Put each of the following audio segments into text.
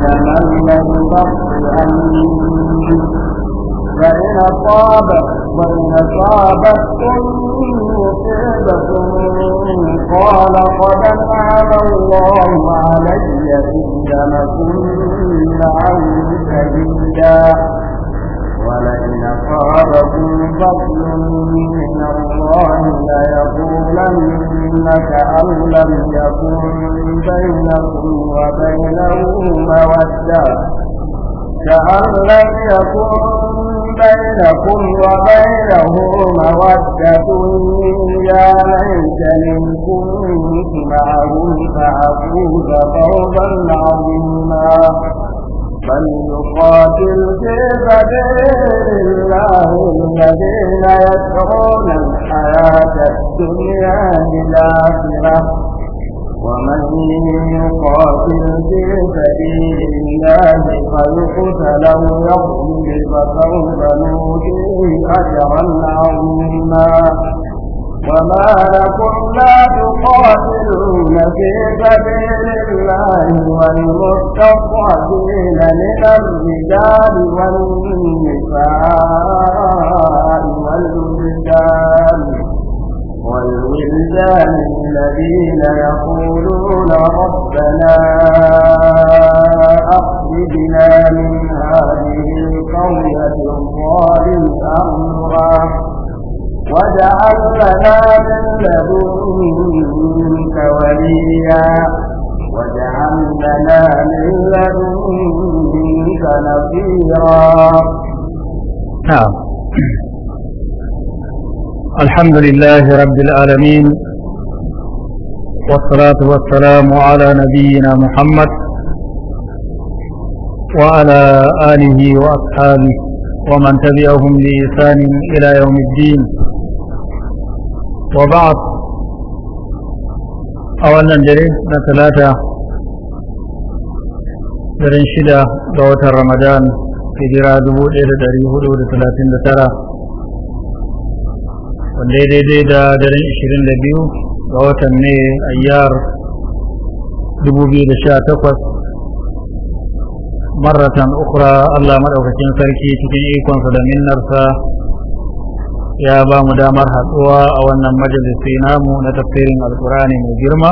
من لم يطع فإن أصابت فإن أصابتكم مصيبة قال قد أنعم الله علي إذ لم كن عن سبيلا أصابكم فضل من الله ليقولن كأن لم يكن بينكم وبينه مودة كأن لم يكن بينكم وبينه مودة يا ليتني كنت معهم فأفوز فوزا عظيما فليقاتل في سبيل الله الذين يدعون الحياة الدنيا بالآخرة ومن يقاتل في سبيل الله فيقتل أو يغلب فسوف نؤتيه أجرا عظيما وما لكم لا تقاتلون في سبيل الله والمستضعفين من الرجال والنساء والولدان والولدان الذين يقولون ربنا أخرجنا من هذه القرية الظالم أمرا واجعل من لدنك وليا واجعل من لدنك نصيرا نعم الحمد لله رب العالمين والصلاة والسلام على نبينا محمد وعلى آله وأصحابه ومن تبعهم بإحسان إلى يوم الدين wa ba'd a wannan dare na talata daren shida ga watan ramadan hijira dubu ɗaya da ɗari hudu da talatin da tara wanda daidai da daren ishirin da biyu ga watan ne ayyar dubu biyu da sha takwas marratan ukra allah maɗaukakin sarki cikin ikonsa da minnarsa ya ba mu damar haɗuwa a wannan majalisi namu na tafsirin alkurani mai girma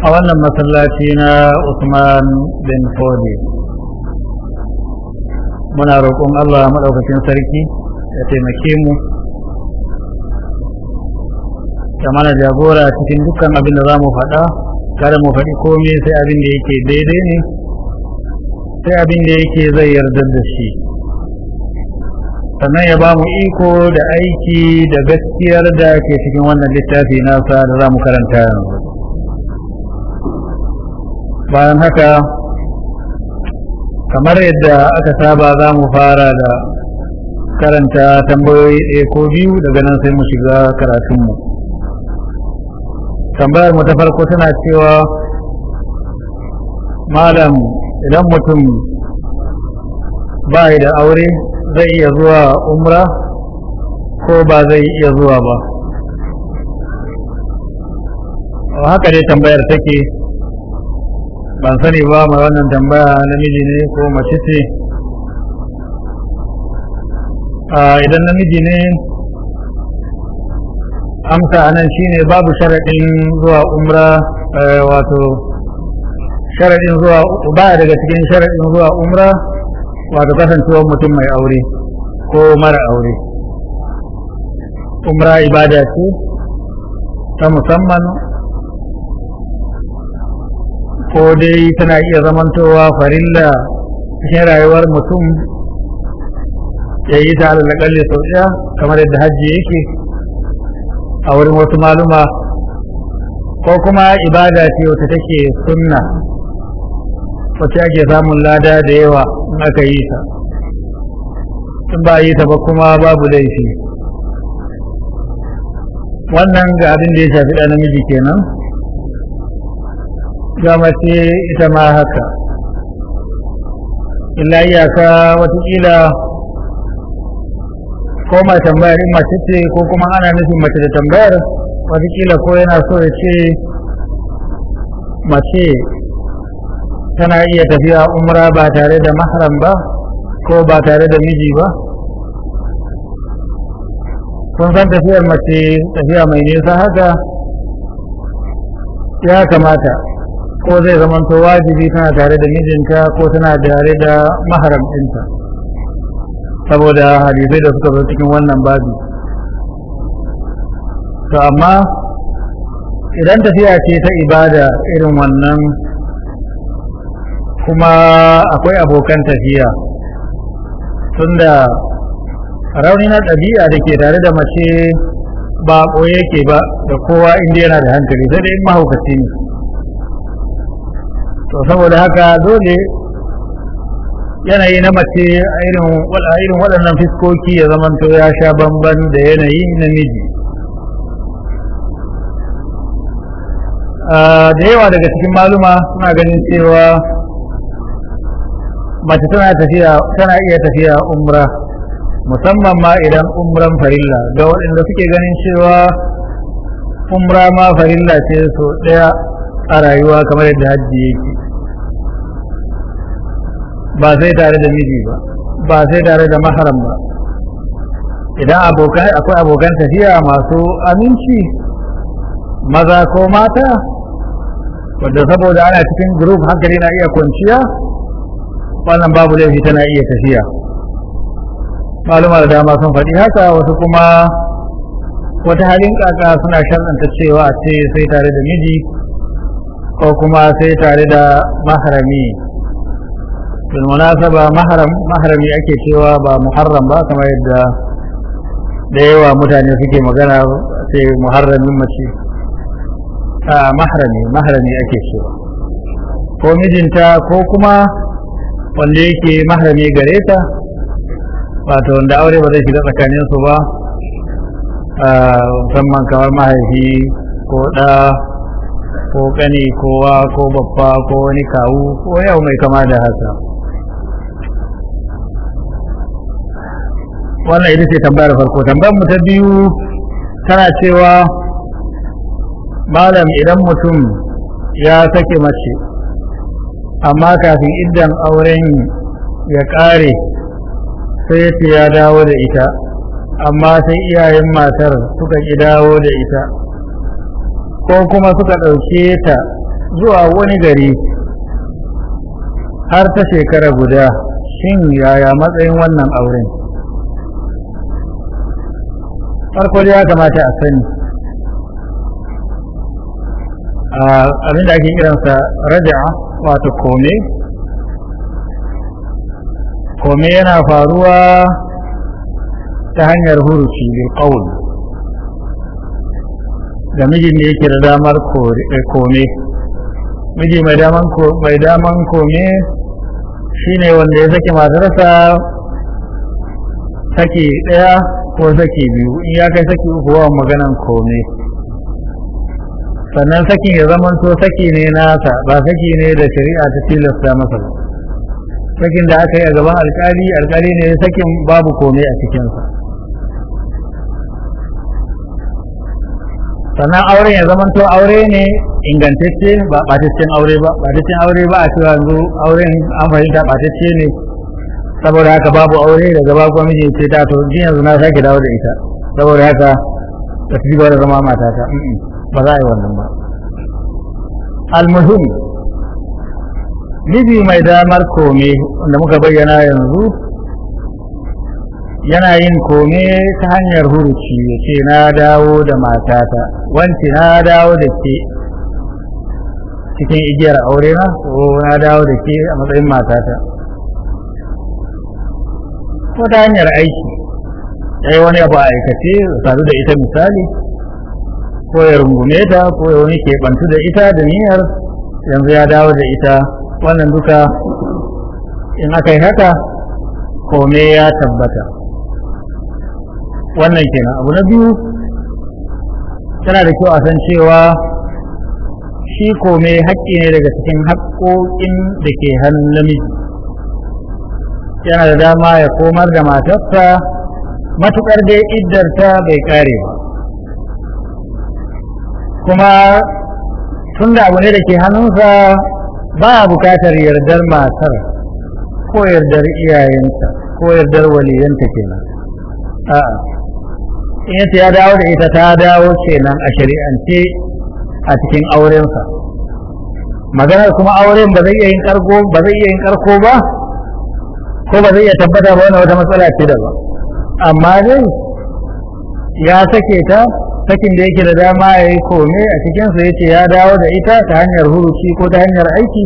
a wannan masallaci na usman bin fodi muna roƙon allah maɗaukakin sarki ya taimake mu da mana jagora cikin dukkan abin da za mu faɗa kada mu faɗi komai sai abin da yake daidai ne sai abin da yake zai yarda da shi sannan ya ba mu iko da aiki da gaskiyar da ke cikin wannan littafi nasa da za mu karanta bayan haka kamar yadda aka saba za mu fara da karanta tambayoyi ɗaya ko biyu daga nan sai mu shiga karatunmu tambayar mu ta farko tana cewa malam idan mutum ba da aure zai iya zuwa umra ko ba zai iya zuwa ba haka dai tambayar take ban sani ba ma wannan tambaya namiji ne ko mace ce idan namiji ne amsa anan shine babu sharaɗin zuwa umra eh, wato sharaɗin zuwa ba daga cikin sharaɗin zuwa umra wato kasancewar mutum mai aure ko mara aure umra ibada ce ta musamman ko dai tana iya zamantowa farilla cikin rayuwar mutum ya yi ta alalakalle sau ɗaya kamar yadda hajji yake a wurin wasu maluma ko kuma ibada ce wata take sunna wacce ake samun lada da yawa in aka yi ta in ba yi ta ba kuma babu laifi wannan ga abin da ya shafi ɗan namiji kenan ga mace ita ma haka illa iyaka watakila ko ma tambayar in mace ce ko kuma ana nufin mace da tambayar watakila ko yana so ya ce mace tana iya tafiya umra ba tare da mahram ba ko ba tare da miji ba kun san tafiyar mace tafiya mai nisa haka ya kamata ko zai zamanto wajibi tana tare da mijinta ko tana tare da maharam ɗinta saboda hadisai da suka zo cikin wannan babi to amma idan tafiya ce ta ibada irin wannan kuma akwai abokan tafiya tunda rauni na ɗabi'a da ke tare da mace ba ɓoye yake ba da kowa inda yana da hankali sai dai mahaukaci ne to saboda haka dole yanayi na mace a irin waɗannan fiskoki ya zamanto ya sha bamban da yanayi na miji ah, da yawa daga cikin maluma suna ganin cewa mace tana tana iya tafiya umra musamman ma idan umran farilla ga waɗanda suke ganin cewa umra ma farilla ce so ɗaya a rayuwa kamar yadda hajji yake ba sai tare da miji ba ba sai tare da maharam ba idan akwai abokan tafiya masu aminci maza ko mata wadda saboda ana cikin group hankali na iya kwanciya wannan babu laifi tana iya tafiya maluma da dama sun faɗi haka wasu kuma wata halin kaka suna sharɗanta cewa a ce sai tare da miji ko kuma sai tare da maharami bin munasaba maharami ake cewa ba muharram ba kamar yadda da yawa mutane suke magana sai muharramin mace a maharami maharami ake cewa ko mijinta ko kuma wanda yake mahrami gare ta wato wanda aure ba zai shiga tsakanin su ba musamman kamar mahaifi ko da ko kani kowa ko babba ko wani kawu ko yau mai kama da haka wannan ita ce tambayar farko tambayar mu ta biyu tana cewa malam idan mutum ya sake mace amma kafin idan auren ya kare sai ya ce ya dawo da ita amma sai iyayen matar suka ƙi dawo da ita ko kuma suka ɗauke ta zuwa wani gari har ta shekara guda shin yaya matsayin wannan auren farko ya kamata a sani a abinda ake kiransa raja'a wato kome kome yana faruwa ta hanyar hurufi bil qawl da mijin ne yake da damar eh, kome miji mai daman kome shi kome shine wanda ya saki matarsa saki daya ko saki biyu in ya kai saki uku wa maganan kome sannan sakin ya zama to saki ne nasa ba saki ne da shari'a ta tilasta masa ba sakin da aka yi a gaban alkali alkali ne sakin babu komai a cikinsa sannan auren ya zama to aure ne ingantacce ba cikin aure ba ɓataccen aure ba a cewa yanzu auren an fahimta batacce ne saboda haka babu aure daga babu kuma miji ce ta to yanzu na sake dawo da ita saboda haka ta ci gaba da zama matata ba za a yi wannan ba almuhim libi mai damar kome wanda muka bayyana yanzu yana yin kome ta hanyar huruci ya ce na dawo da matata wancan na dawo da ke cikin igiyar aure na ko na dawo da ke a matsayin matata ko ta hanyar aiki ya yi wani abu a aikace sadu da ita misali ko ya rungume ta ko ya wani keɓantu da ita da niyyar yanzu ya dawo da ita wannan duka in aka yi haka kome ya tabbata wannan kenan abu na biyu tana da kyau a san cewa shi kome haƙƙi ne daga cikin haƙƙoƙin da ke hannun namiji yana da dama ya komar da matarsa matuƙar dai iddarta bai ƙare ba kuma tun da abu ne da ke hannunsa ba a bukatar yardar matar ko yardar iyayenta ko yardar waliyanta kenan a'a in ya dawo da ita ta dawo kenan a shari'ance a cikin aurensa maganar kuma auren ba zai iya yin karko ba zai iya yin karko ba ko ba zai iya tabbata ba wani wata matsala ce da ba amma dai ya sake ta sakin da yake da dama ya yi kome a cikinsu ya ce ya dawo da ita ta hanyar huruci ko ta hanyar aiki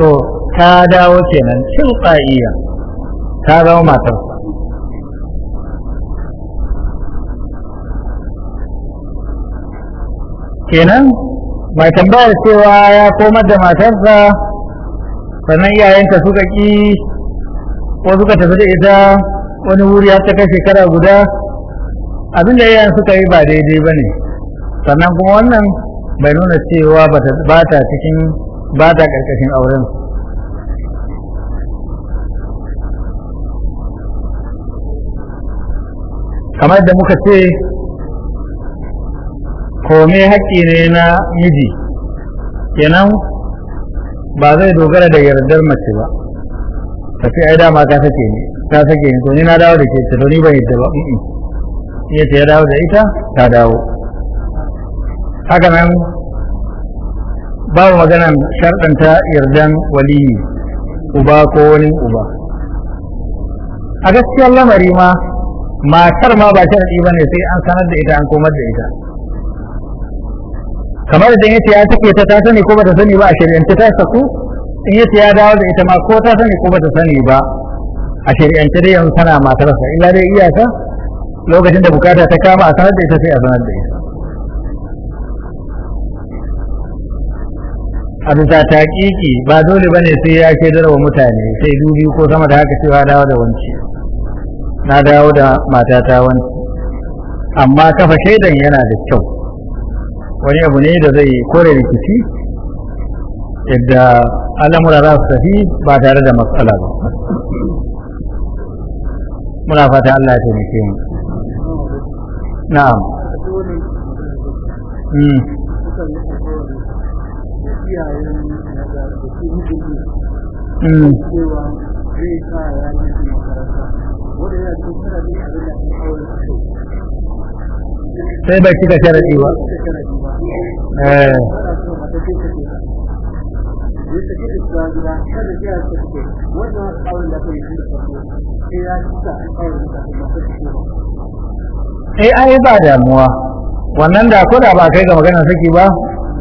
to ta dawo kenan cin tsa'iya ta zama matarsa kenan mai tambayar cewa ya komar da matarsa sannan iyayenta suka ƙi ko suka tafi da ita wani wuri ya ta kai shekara guda abin da yayan suka yi ba daidai ba ne sannan kuma wannan bai nuna cewa ba ta cikin ba ta ƙarƙashin auren kamar da muka ce kome haƙƙi ne na miji kenan ba zai dogara da yardar mace ba ta ce ai dama ta sake ni ta sake ni to ni na dawo da ke ta doni ni ban yadda ba ya ce ya dawo da ita ta dawo haka nan babu maganan sharɗanta yardan waliyi uba ko wani uba a gaskiyar lamari ma matar ma ba sharɗi ba ne sai an sanar da ita an komar da ita kamar da yace ya take ta ta sani ko bata sani ba a shari'ance ta saku in yace ya dawo da ita ma ko ta sani ko bata sani ba a shari'ance dai yanzu tana matarsa illa dai iyaka lokacin da bukata ta kama a sanar da ita sai a sanar da ita a bisa taƙiƙi ba dole bane sai ya shaidar wa mutane sai dubi ko sama da haka cewa dawo da wanci na dawo da matata wanci amma kafa shaidan yana da kyau wani abu ne da zai kore rikici yadda al'amura za su tafi ba tare da matsala ba muna fata Allah ya taimake mu نعم hmm. hmm. sai bai cika sharaɗi ba wannan eh. eh ai ba damuwa wannan da ko da ba kai ga magana saki ba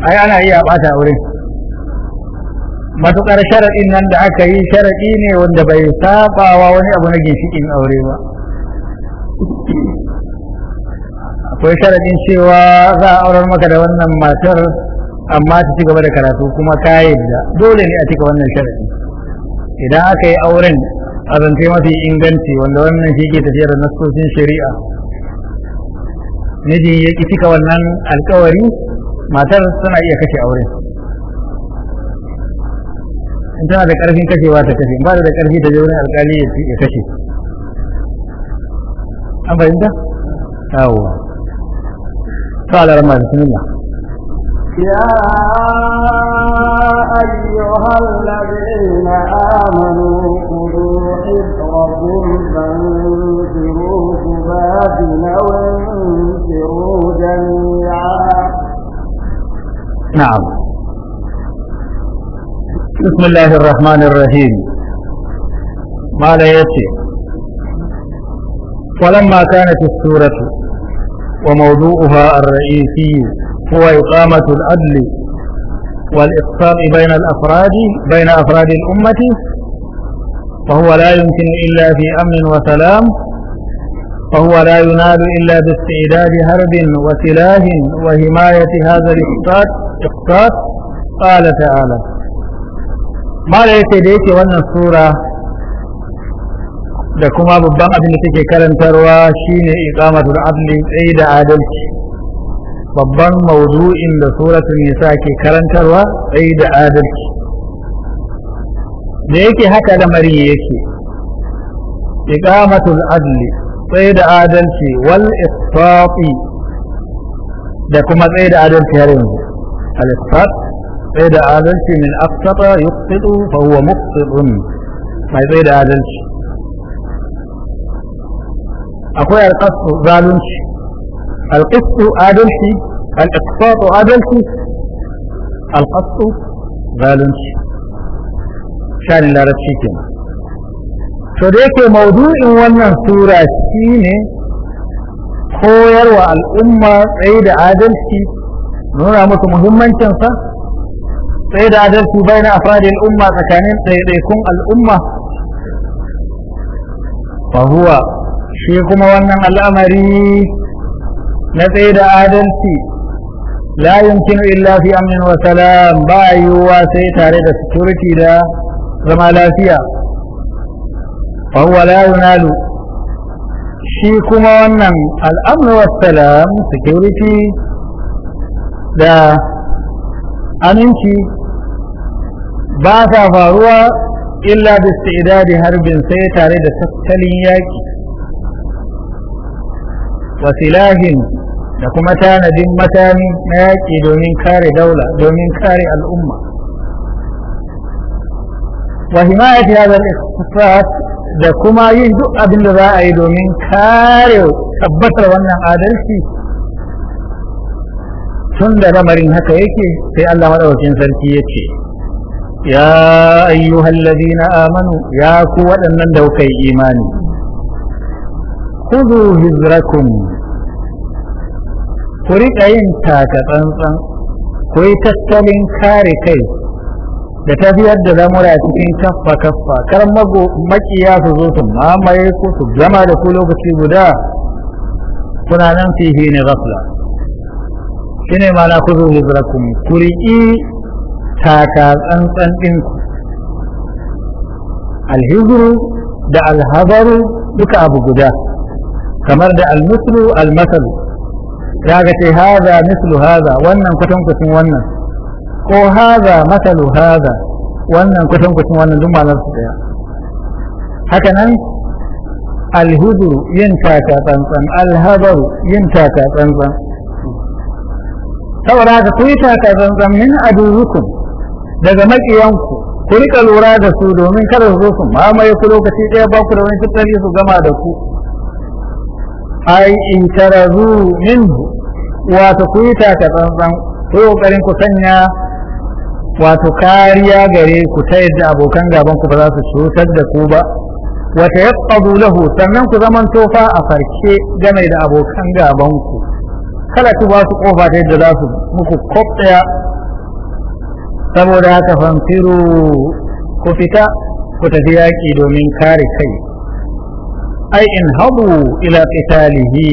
ai ana iya bata aure matukar sharadin nan da aka yi sharadi ne wanda bai sabawa wani abu na ginshikin aure ba akwai sharaɗin cewa za a aurar maka da wannan matar amma ta ci gaba da karatu kuma ka yadda dole ne a cika wannan sharadi idan aka yi auren a zance mafi inganci wanda wannan shi ke tafiyar da nassoshin shari'a mijin ya ki cika wannan alkawari matar tana iya kashe aure in tana da karfin kashewa ta kashe ba da karfi ta je wurin alkali ya kashe an fahimta yawwa ta رمى da sunan يا أيها الذين آمنوا خذوا حذركم فانفروا ثبات أو انفروا جميعا نعم بسم الله الرحمن الرحيم ما لا يكفي. ولما كانت السورة وموضوعها الرئيسي هو إقامة العدل والإقسام بين الأفراد بين أفراد الأمة فهو لا يمكن إلا في أمن وسلام فهو لا ينال إلا باستعداد هرب وسلاح وحماية هذا الإقساط إقساط قال تعالى ما ليس ديك وأن السورة da kuma babban abin da take karantarwa shine iqamatul adalci babban mawdu'in da suratun nisa ke karantarwa tsayi da adalci da yake haka da mari yake iqamatul adli tsayi da adalci wal istati da kuma tsayi da adalci har yanzu al istat tsayi da adalci min aqsata yuqtidu fa huwa muqtidun mai tsayi da adalci akwai alƙasu zalunci القسط adalci الإقساط adalci القسط zalunci shanin larabci kenan to da yake maudu'in wannan sura shine koyarwa al'umma tsaye da adalci nuna musu muhimmancinsa tsaye da adalci bai na afradin umma tsakanin ɗaiɗaikun al'umma fa huwa shi kuma wannan al'amari نتيد آدمتي لا يمكن إلا في أمن وسلام باعي واسي تاريخ السكورتي لا زما فيها فهو لا ينال شيكما وانا الأمن والسلام سكورتي دا أمنتي باسا فاروا إلا باستعداد هرب سيتاريخ السكورتي وسلاح da kuma tanadin makami na yaƙi domin kare daula domin kare al'umma wa himayati hadha al da kuma yin duk abin da za a yi domin kare tabbatar wannan adalci tun da lamarin haka yake sai Allah madaukakin sarki yace ya ayyuhal na amanu ya ku waɗannan da kuka yi imani khudhu hizrakum ku riƙa yin taka tsantsan ku yi tattalin kare kai da tafiyar da lamura cikin kaffa kaffa kar makiya su zo su mamaye ku su zama da ku lokaci guda kuna nan fihi ne ghafla ne mana ku zo librakum ku riƙi taka tsantsan ɗinku alhizru da alhazaru duka abu guda kamar da almusru almasalu daga ce haza mislu haza wannan kwatankwacin wannan ko haza masalu haza wannan kwatankwacin wannan duk malar su daya haka nan alhuzuru yin taka tsantsan alhabaru yin taka tsantsan saboda haka ku yi taka tsantsan min aduzukum daga maƙiyanku ku rika lura da su domin kada su zo su mamaye ku lokaci ɗaya ba ku da wani fitari su gama da ku ai in tarazu minhu wato ku yi taka tsantsan ko kokarin ku sanya wato kariya gare ku ta yadda abokan gaban ku ba za su cutar da ku ba wata yaqadu lahu sannan ku zaman tofa a farke game da abokan gaban ku kala ku ba su kofa ta yadda za su muku kofta saboda haka fanfiru ku fita ku tafi yaƙi domin kare kai ai in habu ila qitalihi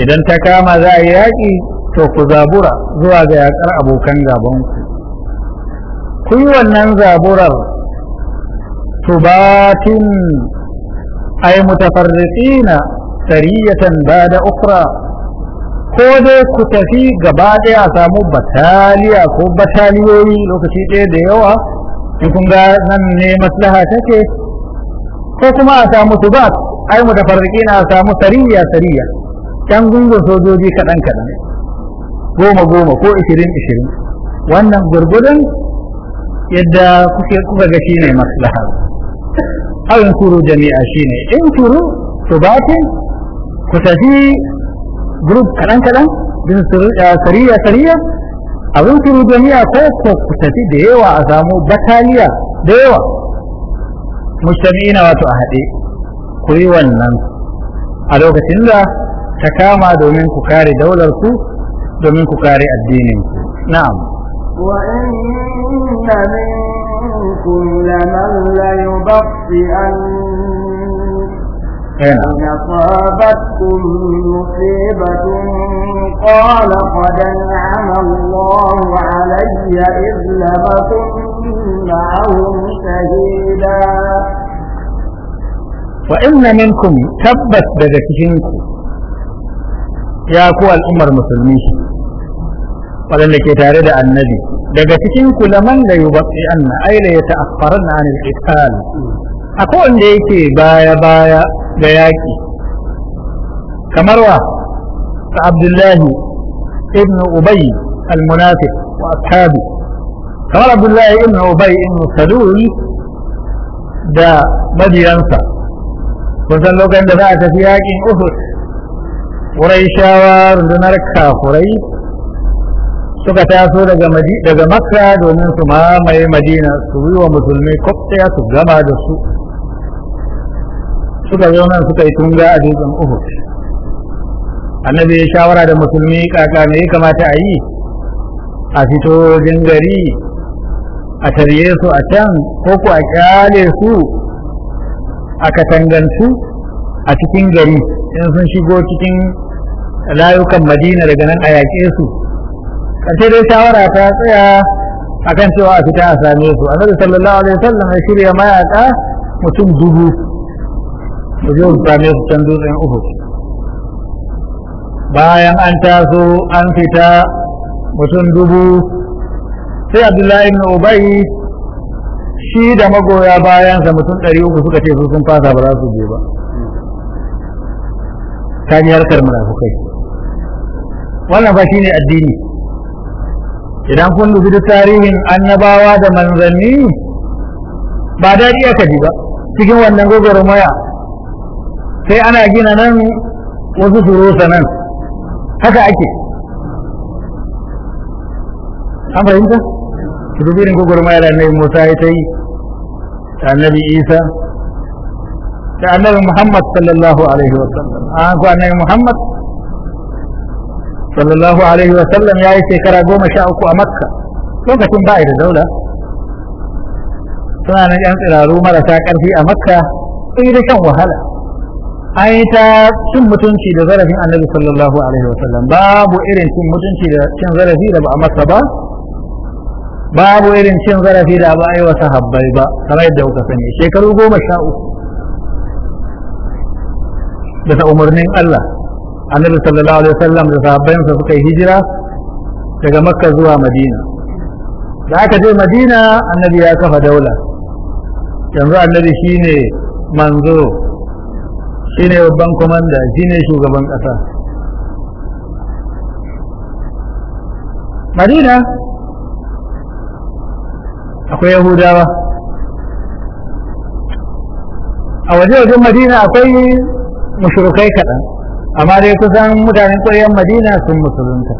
idan ta kama za a yi yaƙi to ku zabura zuwa ga yaƙar abokan gabanku ku yi wannan zaburar tubatin ay mutafarriqina sariyatan bada ukra ko dai ku tafi gaba ɗaya a samu bataliya ko bataliyoyi lokaci ɗaya da yawa in kun ga nan ne maslaha take ko kuma a samu tubat ai mutafarriqina a samu sariya sariya Dan gungun sojoji kaɗan kaɗan goma goma ko ishirin ishirin wannan gurgudun yadda kuke kuka ga shine maslaha aw yankuru jami'a shine in turu to ba ku tafi group kaɗan kaɗan bin eh, sariya sariya abin turu jami'a ko ku tafi da yawa a samu bataliya da yawa mujtami'ina wato a haɗe ku yi wannan a lokacin da ta kama domin ku kare daular ku domin ku kare addinin ku na'am wa inna minkum laman la yubti an إن أصابتكم مصيبة قال قد أنعم الله علي إذ لبثت معهم شهيدا وإن منكم تبت بدكتنكم ya ku al'ummar musulmi waɗanda ke tare da annabi daga cikin ku kulaman da yi baƙi an na aile ya ta'affara na anil ital a kowanda yake baya-baya da yaƙi kamar wa ta abdullahi ibn ubay al-munafiq wa ashabi kamar abdullahi ibn ubay ibn salul da mabiyansa kun san lokacin da za a tafi yaƙin uhud ƙuraishawa rundunar kafurai suka taso daga makka domin su mamaye madina su yi wa musulmi kwafta su gama da su suka zo nan suka yi tunga a dutsen uhud annabi ya shawara da musulmi kaka me ya kamata a yi a fito gari a tarye su a can ko ku a kyale su a katangansu a cikin gari in sun shigo cikin layukan madina daga nan a yaƙe su ƙarshe dai shawara ta tsaya akan cewa a fita a same su annabi sallallahu alaihi wasallam ya shirya mayaƙa mutum dubu da zai same su can dutsen uku bayan an taso an fita mutum dubu sai abdullahi ibn Obayi shi da magoya bayansa mutum ɗari uku suka ce su sun fasa ba za su je ba ta harkar munafukai wannan ba shine addini idan kun dubi da tarihin annabawa da manzanni ba daɗi aka ji ba cikin wannan gwagwarmaya sai ana gina nan wasu surusa nan haka ake an fahimta su dubi irin gwagwarmaya da annabi musa ya ta yi da annabi isa da annabi muhammad sallallahu alaihi wasallam an ku annabi muhammad sallallahu alaihi wa sallam ya yi shekara goma sha uku a makka lokacin ba da daula suna nan yan tsiraru marasa karfi a makka sun yi da shan wahala an yi ta cin mutunci da zarafin annabi sallallahu alaihi wa sallam babu irin cin mutunci da cin zarafi da ba a Makka ba babu irin cin zarafi da ba a yi wa sahabbai ba kamar yadda kuka sani shekaru goma sha uku da ta umarnin Allah annabi sallallahu alaihi wasallam da sa suka hijira daga makka zuwa madina da aka je madina annabi ya kafa daula yanzu annabi shine manzo shine babban komanda shine shugaban kasa madina akwai yahudawa a waje wajen madina akwai mushrikai kaɗan amma dai kusan mutanen ƙwayar madina sun musulunta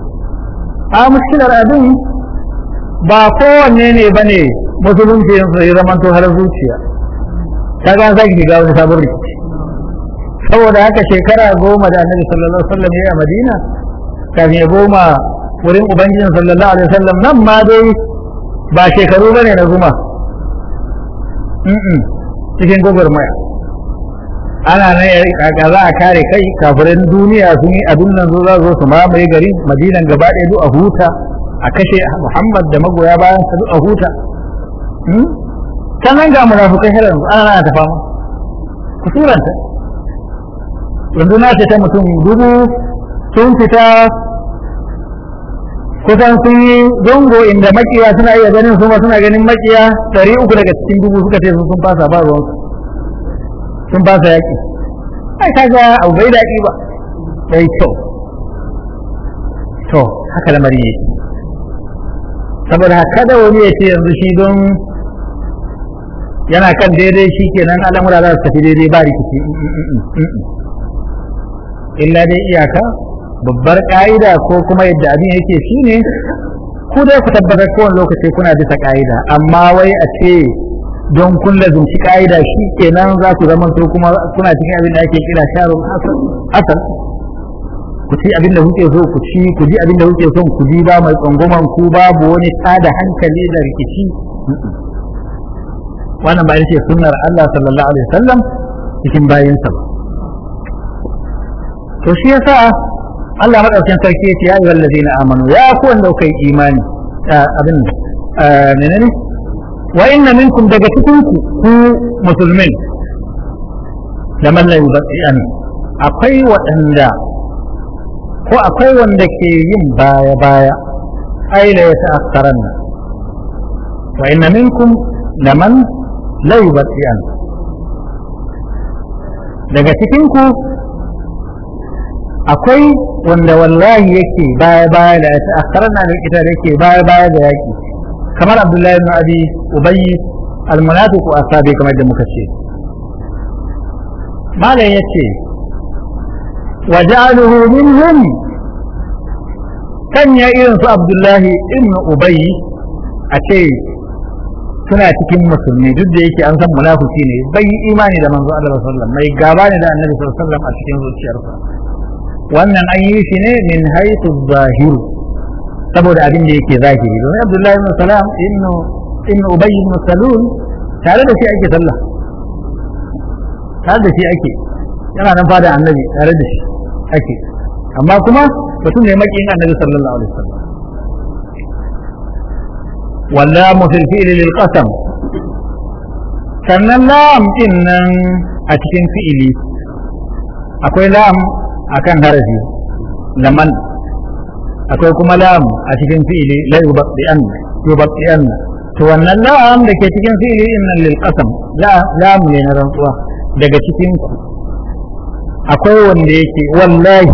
a muskilar abin ba kowanne ne ba ne musulunci yin sai zaman to har zuciya ta ga sai shiga wani sabon rikici saboda haka shekara goma da annabi sallallahu alaihi wasallam ya madina kafin ya goma wurin ubangijin sallallahu alaihi wasallam nan ma dai ba shekaru bane na zuma cikin gwagwarmaya ana nan ya kaka za a kare kai kafirin duniya sun yi abin nan zo za zo su mamaye gari madinan gaba ɗaya duk a huta a kashe muhammad da magoya bayan sa duk a huta hmm? can nan ga munafukai hirar ana nan ta fama ku suranta na ce ta mutum dubu sun fita kusan sun yi dongo inda makiya suna iya ganin su suna ganin makiya ɗari uku daga cikin dubu suka ce sun fasa ba ruwansu sun ba sa yaƙi ai ga abu bai daɗi ba bai kyau to haka lamari ne saboda haka da wani ya ce yanzu shi don yana kan daidai shi kenan al'amura za su tafi daidai ba rikici mm, mm, mm, illa dai iyaka babbar ka'ida ko kuma yadda abin yake ne ku dai ku tabbatar kowane lokaci kuna bisa ka'ida amma wai a ce don kun lazumci ka'ida shi kenan za ku zama su kuma suna cikin abin da ake kira Sharon asal ku ci abin da kuke so ku ci ku ji abin da kuke son ku ji ba mai tsangwaman ku babu wani tsada hankali da rikici wannan ba ce sunnar Allah sallallahu alaihi wasallam cikin bayansa ba to shi yasa Allah madaukakin sarki ya ce ya ayyuhallazina amanu ya ku wanda kai imani eh, abin eh, menene wa inna minkum daga cikinku ku ku musulmai da mallan bayan akwai waɗanda ko akwai wanda ke yin baya baya ai la yata'akkaran wa inna minkum laman la yubti'an daga cikinku akwai wanda wallahi yake baya baya da ya ta'akkara na da ita da yake baya baya da yaki kamar abdullahi ibn abi ubayy almunafiqu asabi kamar da muka ce malam yace wa ja'aluhu minhum kan ya irin su abdullahi ibn ubayi a ce suna cikin musulmi duk da yake an san munafiki ne bai imani da manzo Allah sallallahu mai gaba ne da annabi sallallahu a cikin zuciyarsa wannan an yi shi ne min haythu zahiru saboda abin da yake zahiri domin abdullahi ibn salam ibn ibn ubay ibn salul tare da shi ake sallah tare da shi ake yana nan fada annabi tare da shi ake amma kuma mutum ne makiyin annabi sallallahu alaihi wasallam واللام في الفيل للقسم sannan lam din nan a cikin fi'ili akwai lam akan harafi laman akwai kuma lam a cikin fi'ili la yubaqi an to wannan lam da ke cikin fi'ili innal lil qasam la lam ne na rantsuwa daga cikin ku akwai wanda yake wallahi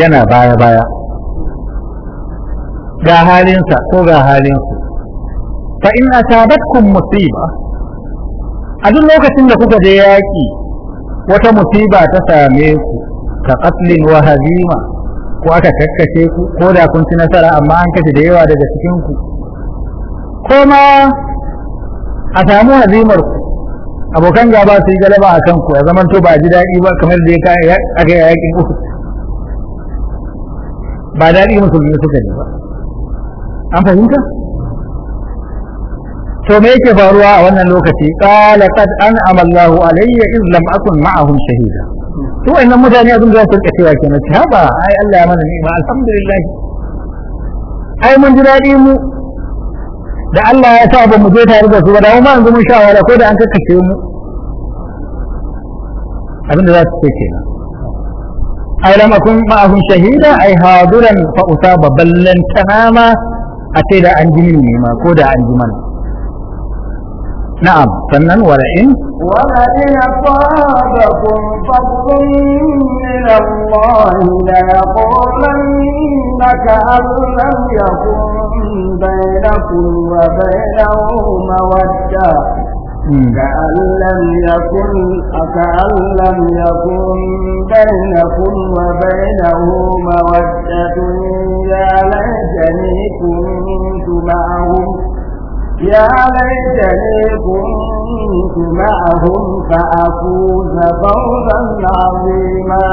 yana baya baya ga halinsa ko ga halin halinsu fa in asabatkum musiba a duk lokacin da kuka je yaki wata musiba ta same ku ka qatlin wa hazima ko aka kakkashe ku ko da kun ci nasara amma an kashe da yawa daga cikin ku ko ma a samu hazimar ku abokan gaba su yi galaba a kanku a zaman to ba ji daɗi ba kamar da ya aka yi yaƙin uku ba daɗi musulmi suka ne ba an fahimta to me yake faruwa a wannan lokaci qala qad an'ama Allahu alayya iz akun ma'ahum shahida to wayannan mutane abin da za su rika cewa kenan ta ba ai Allah ya mana ni'ima alhamdulillah ai mun ji daɗi mu da Allah ya sa ba mu je tare da su ba da mu ma yanzu mun shawara ko da an kakkace mu abin da za su ce kenan ai lam akun ma'ahum shahida ai hadiran fa usaba ballan tanama a ce da an ji ne ma ko da an ji mana na'am sannan wala'in ولئن أصابكم فضل من الله ليقولن كأن لم يكن بينكم وبينه مودة كأن لم يكن كأن لم يكن بينكم وبينه مودة يا ليتني كنت معهم يا ليتني كنت معهم فافوز فوزا عظيما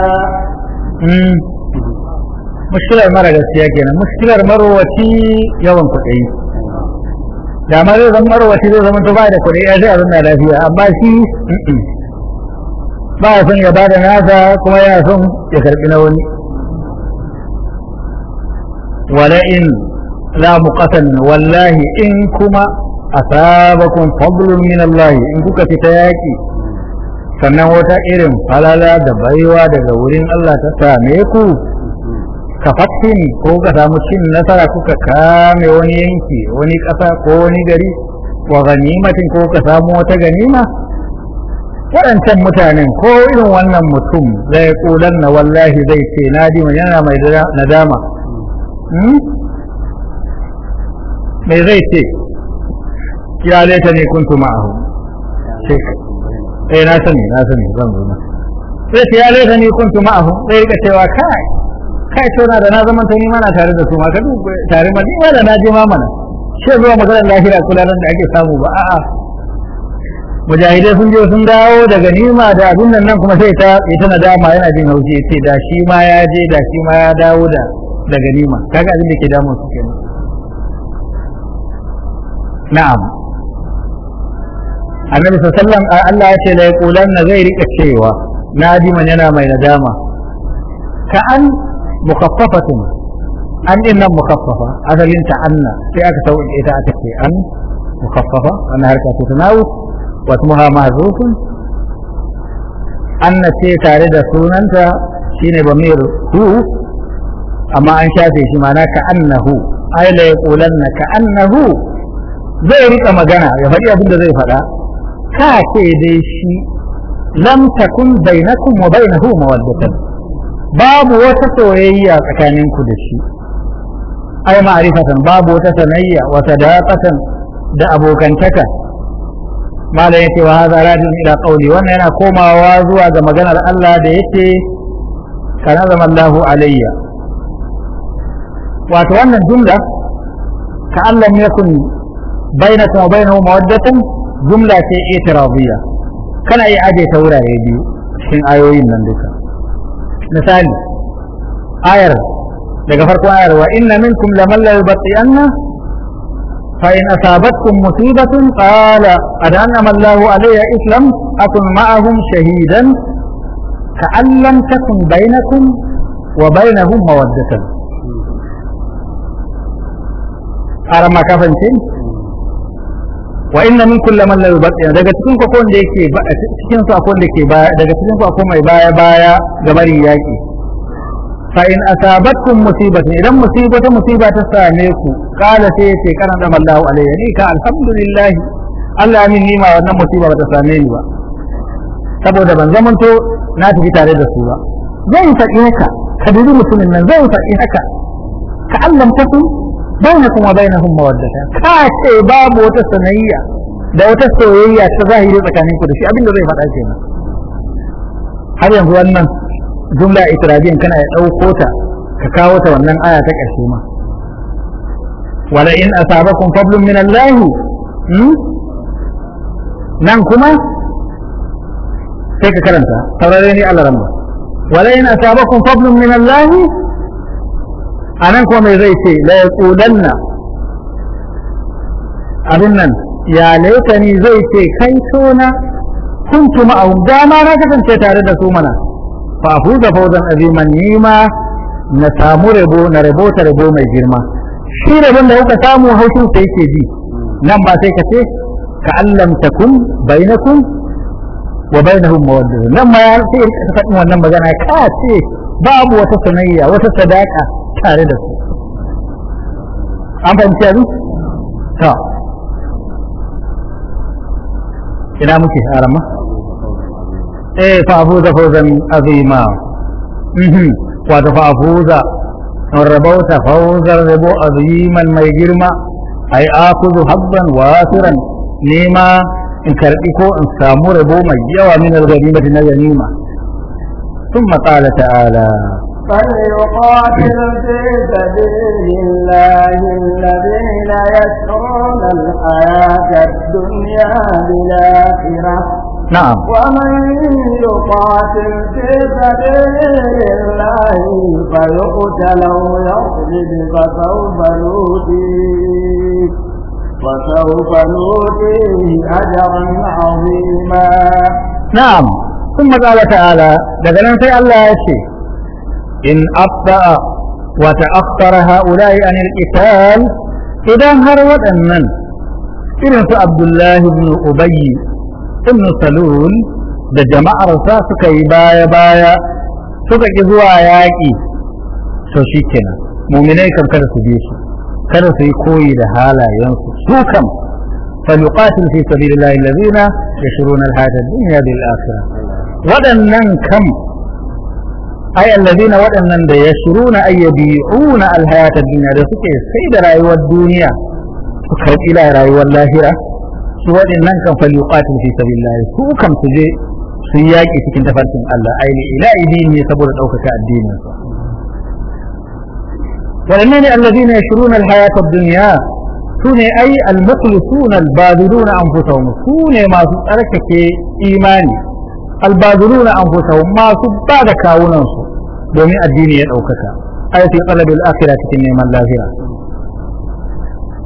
مشكلة مرة قصية كنا مشكلة مرة وتي يوم فتحي يا مرة ثم مرة وتي ثم من تبايد كل إيه أزاي أظن على فيها أبا شيء ما أظن يا بعد ناسا كما يا أظن يخرب بنا وني ولئن za mu ƙasan wallahi in kuma asabakum fadlun min Allah in kuka fita yaki sannan wata irin falala da baiwa daga wurin Allah ta same ku ka fatin ko ka samu cin nasara kuka kame wani yanki wani ƙasa ko wani gari wa ganimatin ko ka samu wata ganima waɗancan mutanen ko irin wannan mutum zai kulan na wallahi zai ce na yana mai nadama hmm? me zai ce ya leta ne a ma'ahu eh na sani na sani zan zo na sai ce ya leta ne kuntu a sai rika cewa kai kai to na da na zaman nima na tare da su ma ka duk tare ma nima da na je ma mana shi zuwa maganar lahira kula da ake samu ba a'a mujahidai sun je sun dawo daga nima da abin nan nan kuma sai ta ita na dama yana jin haushi ya ce da shi ma ya je da shi ma ya dawo da daga nima kaga abin da ke damun su kenan نعم النبي صلى الله عليه وسلم آه، الله لا يقول أن غير الشيوة نادي من ينام إلى داما كأن مخففة أن إن مخففة هذا اللي أنت أن في أكثر إذا أتك في أن مخففة أن هركة تتناوس واسمها معروف أن تي تارد سننت شين بمير هو أما أنشأ في شمانا كأنه أي لا يقول أن كأنه zai rika magana ya faɗi abin da zai faɗa ka ce dai shi lam takun bainakum wa bainahu mawaddatan babu wata soyayya tsakanin ku da shi ai ma'rifatan babu wata sanayya wa sadaqatan da abokantaka malam yake wa hadha radin ila qawli wannan yana komawa zuwa ga maganar Allah da yake kana Allahu alayya wato wannan jumla ka Allah kun بينكم وبينه مودة جملة اعتراضية كان أي عادي تورا يدي شين آيوين من ذكر مثال آير لقفرك آير وإن منكم لمن لا يبطئن فإن أصابتكم مصيبة قال أدعنما الله علي إسلام أكن معهم شهيدا كأن لم تكن بينكم وبينهم مودة أرى ما كفن wa inna min kulli man la yubtiya daga cikin ku wanda yake cikin su akwai wanda ke baya daga cikin ku akwai mai baya baya ga barin yaki fa in asabatkum musibatan idan ta musiba ta same ku kala sai yace kana da mallahu alayya ni ka alhamdulillah Allah ya min nima wannan musiba ba ta same ni ba saboda ban zamanto na tafi tare da su ba zai faɗi haka ka dubi mutumin nan zai faɗi haka ka allamta su بينكم وبينهم مودة كاشي باب وتسنية دا وتسوية تظاهي لتكانين كل شيء أبين لذي فتح الشيء هل ينظر أن جملة إترادية كان أو قوتا كاوتا وأن آية تكأشيما ولئن أصابكم فضل من الله ننكما تلك كلمتها ترى ليني ألا رمى ولئن أصابكم فضل من الله anan ko mai zai ce la yaqulanna abin nan ya ni zai ce kai tona kuntu a dama na kasance tare da su mana fa da fawzan aziman nima na samu rabo na rabo ta rabo mai girma shi rabon da kuka samu haushin sai ke ji. nan ba sai ka ce ka allam takun bainakum wa bainahum mawaddah nan ma sai ka faɗi wannan magana ka ce babu wata sanayya wata sadaka tare da su an fahimci abin ta ina muke harama eh fa afuza fawzan azima mhm wato fa afuza rabauta fawzan rabo aziman mai girma ai akuzu habban wasiran nema in karbi ko in samu rabo mai yawa min al-ghanimati na ganima ثم قال تعالى فليقاتل في سبيل الله الذين يشرون الحياة الدنيا بالآخرة نعم ومن يقاتل في سبيل الله فيقتل أو يخرج فسوف نؤتيه وسوف نؤتيه أجرا عظيما نعم ثم قال تعالى daga nan الله يا شيخ in abda'a wa ta'akhkhara ha'ula'i an qital idan har waɗannan irin su Abdullahi ibn Ubay ibn Salul da jama'ar sa suka yi baya baya suka ki zuwa yaƙi to shikenan mu'minai kan kada su bi su kada su yi koyi da halayensu su kam فليقاتل في سبيل الله الذين يشرون الحياة الدنيا بالآخرة waɗannan كم ay allazina waɗannan da yashruna ay yabi'una alhayata dunya da suke sai da rayuwar duniya su karɓi rayuwar lahira su waɗannan kan fali yuqatil fi sabilillah su kan su je su yaƙi cikin tafarkin Allah ai ila idini saboda ɗaukaka addinin sa waɗannan ne allazina yashruna alhayata dunya ne ai almukhlisuna albadiluna anfusahum ne masu tsarkake imani albaziruna anfusahum masu ba da kawunansu domin addini ya ɗaukaka ai fi qalabil akhirah cikin neman lafiya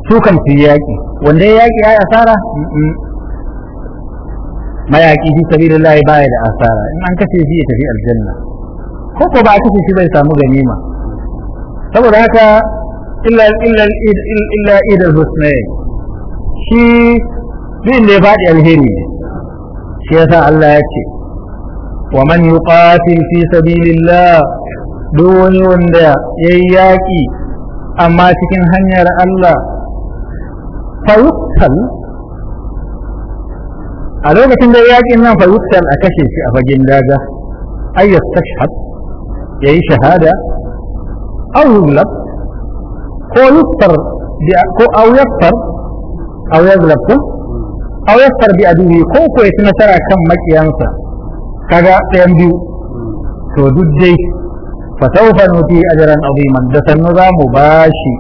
su kan fi yaƙi wanda ya yaƙi ya asara mayaƙi fi sabilillah baya da asara in an kashe shi ya tafi aljanna ko ko ba a kashe shi bai samu ganima saboda haka illa Idan illa ida shi bin da ya faɗi alheri shi ya sa Allah ya ce ومن يقاتل في سبيل الله دون وندا يياكي أما تكن هنير الله فيقتل a lokacin da yaƙin nan fayuktar a kashe shi a fagen daga ayyar tashhad ya yi shahada auyuglab ko yuktar ko auyaktar auyaglab ko auyaktar bi ko ya nasara kan makiyansa kaga ɗayan biyu to duk dai fa sawfa nuti ajran aziman da sannu za mu bashi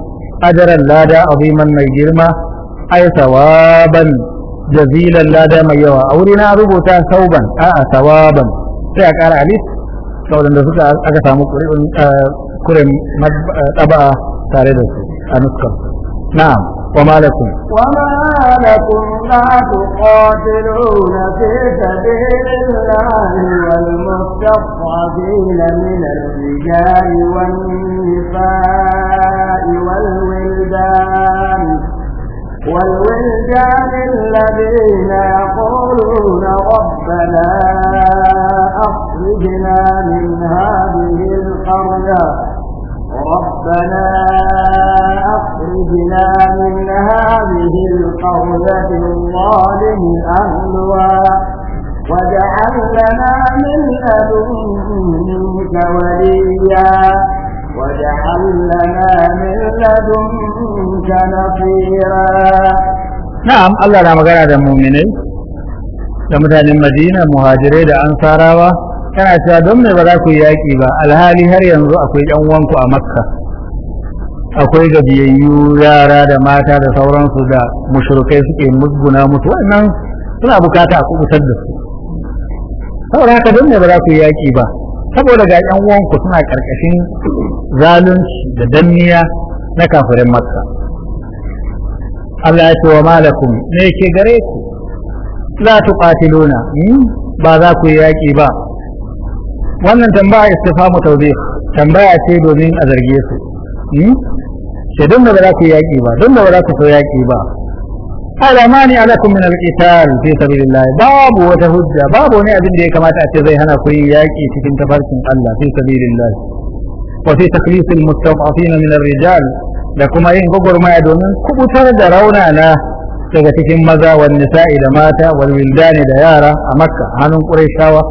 ajran lada aziman mai girma ai sawaban jazilan lada mai yawa a na rubuta sauban a'a sawaban sai a ƙara alif ga waɗanda suka aka samu eh, kuren taba'a eh, tare da su a nuskar na'am وما لكم وما لكم لا تقاتلون في سبيل الله والمستضعفين من الرجال والنساء والولدان والولدان الذين يقولون ربنا أخرجنا من هذه القرية ربنا أخرجنا من هذه القرية الظالم أهلها واجعل لنا من لدنك وليا واجعل لنا من لدنك نصيرا نعم الله لا مغنى المؤمنين da mutanen Madina muhajirai da ansarawa kana cewa don me ba za ku yi yaƙi ba alhali har yanzu akwai ƴan uwanku a makka akwai gabiyayyu yara da mata da sauransu da mushrikai suke musguna mutu wannan suna bukata a kubutar da su saboda haka don me ba za ku yi yaƙi ba saboda ga ƴan uwanku suna ƙarƙashin zalunci da danniya na kafirin makka Allah ya ce wa malakum me ke gare ku la tuqatiluna hmm? ba za ku yi yaƙi ba wannan tambaya istifamu tawbih tambaya ce domin a zarge su sai don da ba za ku yaki ba don da ba za ku so yaki ba alamani alakum min alqital fi sabilillah babu wata hujja babu ne abin da ya kamata a ce zai hana ku yin yaƙi cikin tafarkin Allah fi sabilillah wa fi taklif almustad'afin min alrijal da kuma yin gwagwarmaya domin kubutar da raunana daga cikin maza wal nisa'i da mata wal wildani da yara a makka hannun qurayshawa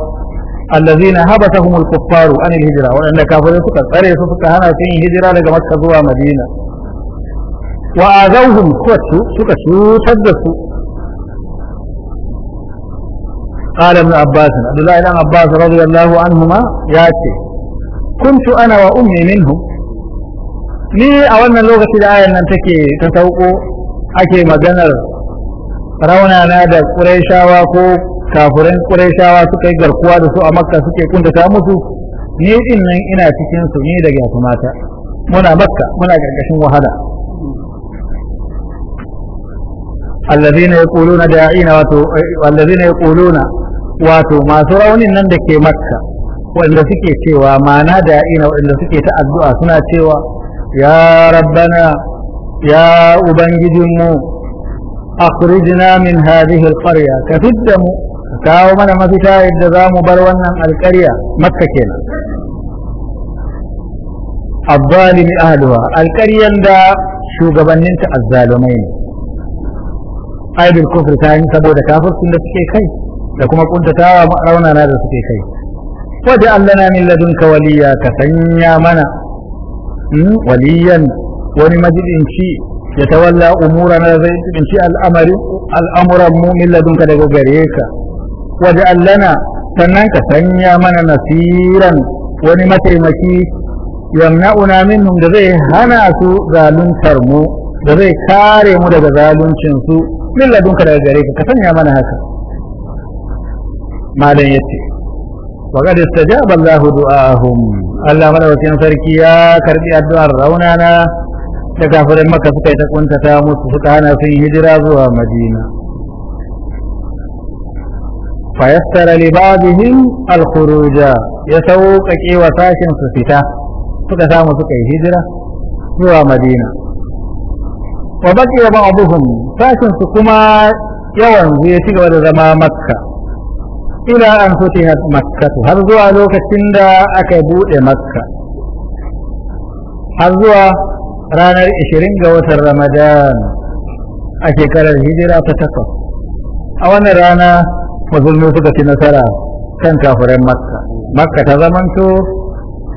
الذين هبتهم الكفار عن الهجرة وأن كافرين سكا سري سكا هنا سين هجرة لك مكة مدينة وآذوهم كوتشو سكا شو قال ابن عباس عبد الله بن عباس رضي الله عنهما ياتي كنت أنا وأمي منهم لي a لغة الآية أن تكي nan أكي مجنر رونا نادى قريشا raunana kafiran ƙurayshawa suka yi garkuwa da su a makka suke kundata musu ni din nan ina cikin su ni da gasu mata muna makka muna gargashin wahala الذين يقولون داعين والذين يقولون wato masu raunin nan da ke makka wanda suke cewa mana da wanda suke ta addu'a suna cewa ya rabbana ya ubangijinmu akhrijna min hadhihi alqarya ka fidda mu kawo mana mafita yadda za mu bar wannan alƙarya makka kenan azzalimi ahluha alƙaryan da shugabanninta azzalumai ne ai bil kufri ta yi saboda kafircin da suke kai da kuma kuntatawa raunana da suke kai waje allana min ladunka waliya ka sanya mana hmm, waliyan wani majidinci ya tawalla umura na zai al'amari al'amuran mu min ladunka daga gare ka Waje allana sannan ka sanya mana nasiran wani mataimaki yamna'una minhum da zai hana su zaluntar mu da zai kare mu daga zaluncin su min ladunka daga gare ka ka sanya mana haka malam yace wa qad istajaba Allahu du'ahum Allah madaukakin sarki ya karbi addu'ar raunana da kafirin maka suka yi ta ƙuntata musu suka hana sun hijira zuwa Madina فيسر لبعضهم الخروج يسوق كي وساشن سفتا فكسام سكي هجرة زوا مدينة وبقي بعضهم ساشن سكما يوان يوم زيتك زما مكة إلى أن فتحت مكة هل زوا لوك السندة أكبوء مكة هل زوا رانا الإشرين ga watan Ramadan a shekarar hijira ta takwas musulmi suka ci nasara kan kafirin makka makka ta zamanto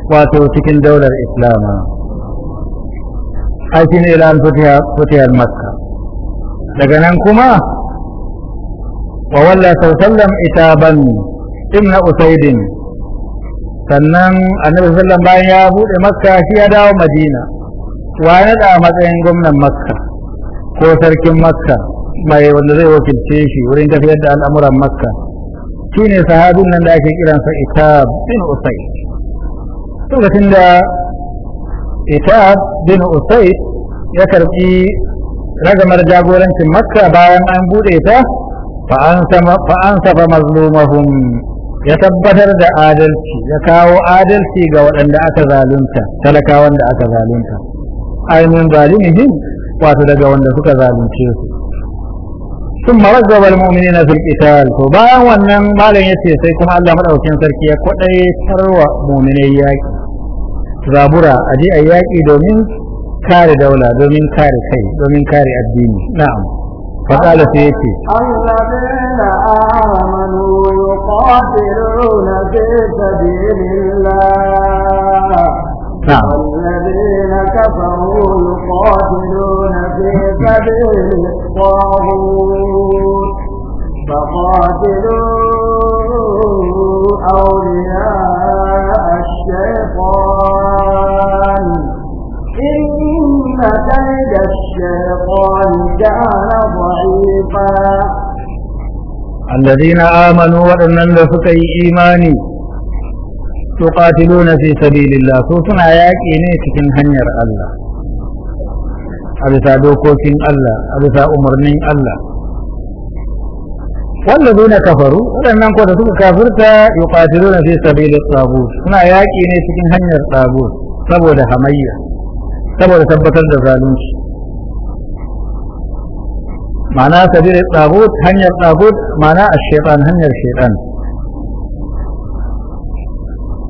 wato cikin daular islama ai shine ila al makka daga nan kuma wa walla sallam itaban inna usaidin sannan annabi sallam bayan ya bude makka shi ya dawo madina wa ya da matsayin gwamnan makka ko sarkin makka mai wanda zai wakilce shi wurin tafiyar da al'amuran makka shine sahabin nan da ake kiransa itab bin usai lokacin da itab bin usai ya karbi ragamar jagorancin makka bayan an bude ta an safa mazlumahum ya tabbatar da adalci ya kawo adalci ga waɗanda aka zalunta talakawan da aka zalunta ainihin zalimihim wato daga wanda suka zalunce su ثم رغب المؤمنين في القتال Bayan wannan malam yace sai kuma Allah madaukakin sarki ya kwadai tarwa mu'minai Rabura a aje a yaki domin kare daula domin kare kai domin kare addini na'am فقال سيتي الذين آمنوا يقاتلون في سبيل الله نعم والذين كفروا يقاتلون في سبيل الطاغوت فقاتلوا أولياء الشيطان إن كيد الشيطان كان ضعيفا الذين آمنوا وأن يكن إيماني tuqatiluna fi sabilillah suna yaƙi ne cikin hanyar Allah a bisa dokokin Allah a bisa umarnin Allah wallazina kafaru waɗannan ko da suka kafirta yuqatiluna fi sabilit tagut suna yaƙi ne cikin hanyar tagut saboda hamayya saboda tabbatar da zalunci mana sabilit hanyar tagut mana ash hanyar shaytan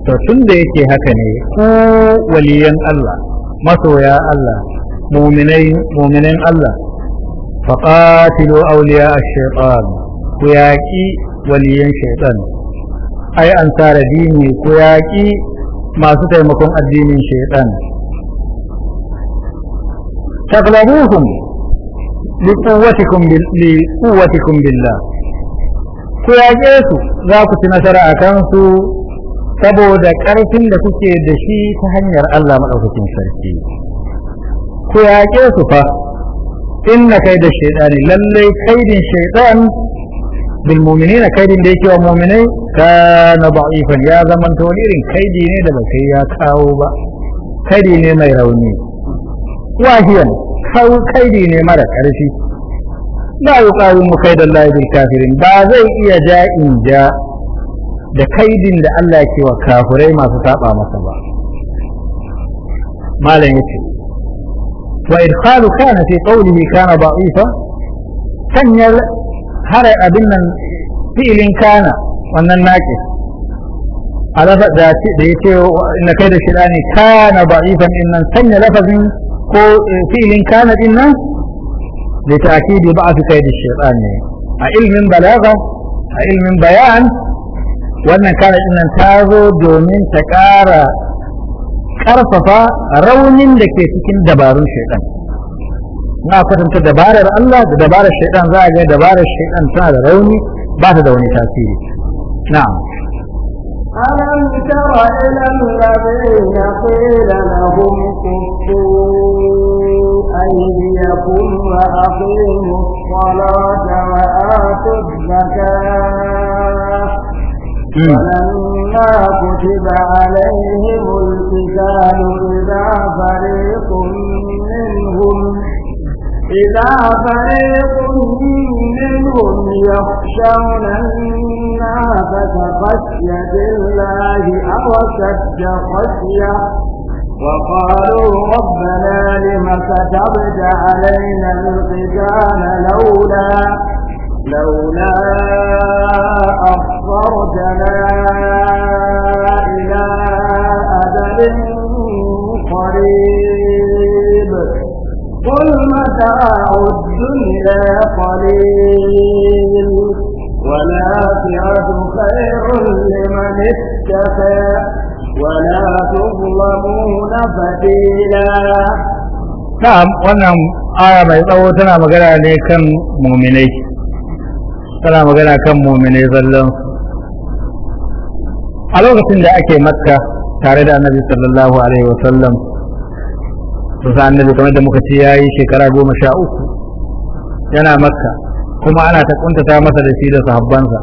to tun da yake haka ne ku waliyan Allah masoya Allah muminai muminin Allah faqatilu awliya ash-shaytan ku yaqi waliyan shaytan ai an tsara dini ku yaqi masu taimakon addinin shaytan taglabuhum bi quwwatikum bi quwwatikum billah ku yaƙe su za ku ci nasara a kansu saboda ƙarfin da kuke da shi ta hanyar Allah maɗaukakin sarki ku yaƙe su fa na kai da shaidani lallai kaidin shaidan bil kaidin da yake wa mu'minai kana da'ifan ya zama wani irin kaidi ne da bakai ya kawo ba kaidi ne mai rauni wahiyan kawo kaidi ne mara ƙarfi la yuqawimu da bil kafirin ba zai iya ja in ja' da kaidin da Allah yake wa kafirai masu saba masa ba malam yace wa idkhalu kana fi qawlihi kana da'ifa sanyal hare abin nan fi'lin kana wannan naki alafa da da yace inna shi dani kana da'ifan innan sanya lafazin ko fi'lin kana din nan da ta'kidi ba'd kaidi shaytan ne a ilmin balaga a ilmin bayan wannan kara nan ta zo domin ta kara karfafa raunin da ke cikin dabarun shaitan na kwatanta dabarar Allah da dabarar shaitan za a ga dabarar shaitan tana da rauni ba ta da wani tasiri na'am ألم ya إلى الذين قيل لهم كفوا أيديكم وأقيموا الصلاة وآتوا الزكاة فلما كتب عليهم القتال إذا فريق منهم إذا فريق منهم يخشون الناس كخشية الله أو أشد خشية وقالوا ربنا لم كتبت علينا القتال لولا لولا أخرجنا إلى أدل قريب قل متاع الدنيا قليل والآخرة خير لمن اتقى ولا تظلمون فتيلا نعم ونعم aya mai tsawo tana magana ne kan tana magana kan muminai zallan a lokacin da ake makka tare da annabi sallallahu alaihi wa sallam to sa annabi kamar da muka ya yi shekara goma sha uku yana makka kuma ana ta kuntata masa da shi da sahabbansa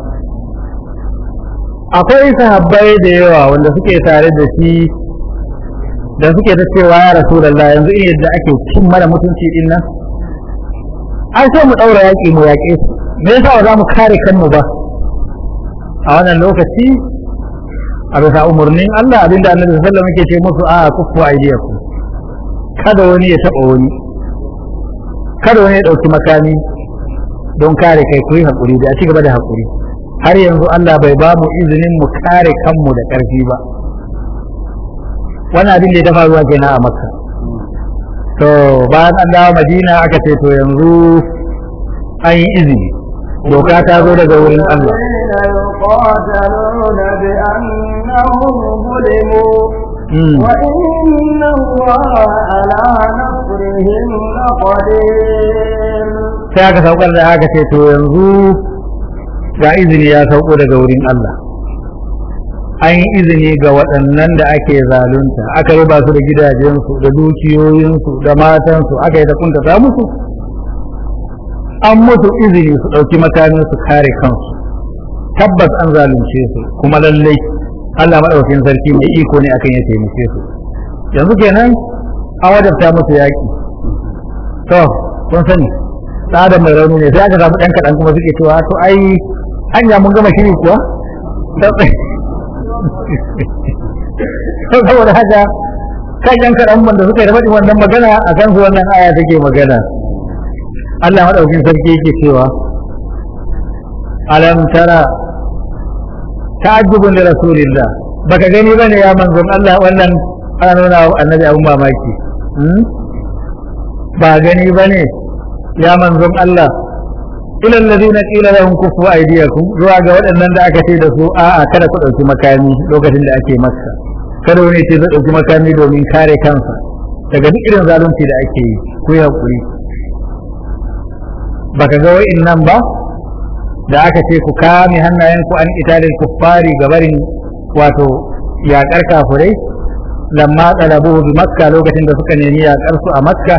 akwai sahabbai da yawa wanda suke tare da shi da suke ta cewa ya rasulullah yanzu in yadda ake cin mara mutunci din nan an so mu daura yaki mu yaƙe su me yasa ba za mu kare kanmu ba a wannan lokaci a bisa umarnin Allah abinda annabi sallallahu alaihi wasallam yake ce musu a kuffu aidiyakum kada wani ya taba wani kada wani ya dauki makami don kare kai ku yi hakuri da ci gaba da hakuri har yanzu Allah bai ba mu izinin mu kare kanmu da karfi ba wannan abin da ya dafa ruwa kenan a makka to bayan an dawo madina aka ce to yanzu an yi izini doka ta zo daga wurin Allah hmm. sai aka saukar da aka ce to yanzu ga izini ya sauko daga wurin Allah an yi izini ga waɗannan da ake zalunta aka riba su da gidajensu da dukiyoyinsu da matansu aka yi da kunta musu an musu izini su ɗauki makamin su kare kansu tabbas an zalunce su kuma lallai Allah maɗaukin sarki mai iko ne akan ya taimake su yanzu kenan an wajabta musu yaƙi to kun sani tsadan mai rauni ne sai aka samu ɗan kaɗan kuma suke cewa to ai hanya mun gama shiri kuwa saboda haka kan yan kaɗan wanda suka yi da faɗin wannan magana a kan su wannan aya take magana Allah maɗaukin sarki yake cewa alam tara ta'ajjubun li rasulillah baka gani bane ya manzon Allah wannan ana nuna annabi abun mamaki hmm? ba gani bane ya manzon Allah ila alladhina qila lahum kufu aydiyakum zuwa ga waɗannan da aka ce da su a'a kada ku ɗauki makami lokacin da ake maka kada wani ce zai ɗauki makami domin kare kansa daga duk irin zalunci da ake yi ku yi hakuri baka ga wa'in nan ba da aka ce ku kame hannayenku an italin kuffari gabarin wato yaƙar kafurai lamma talabuhu bi makka lokacin da suka nemi yaƙar su a makka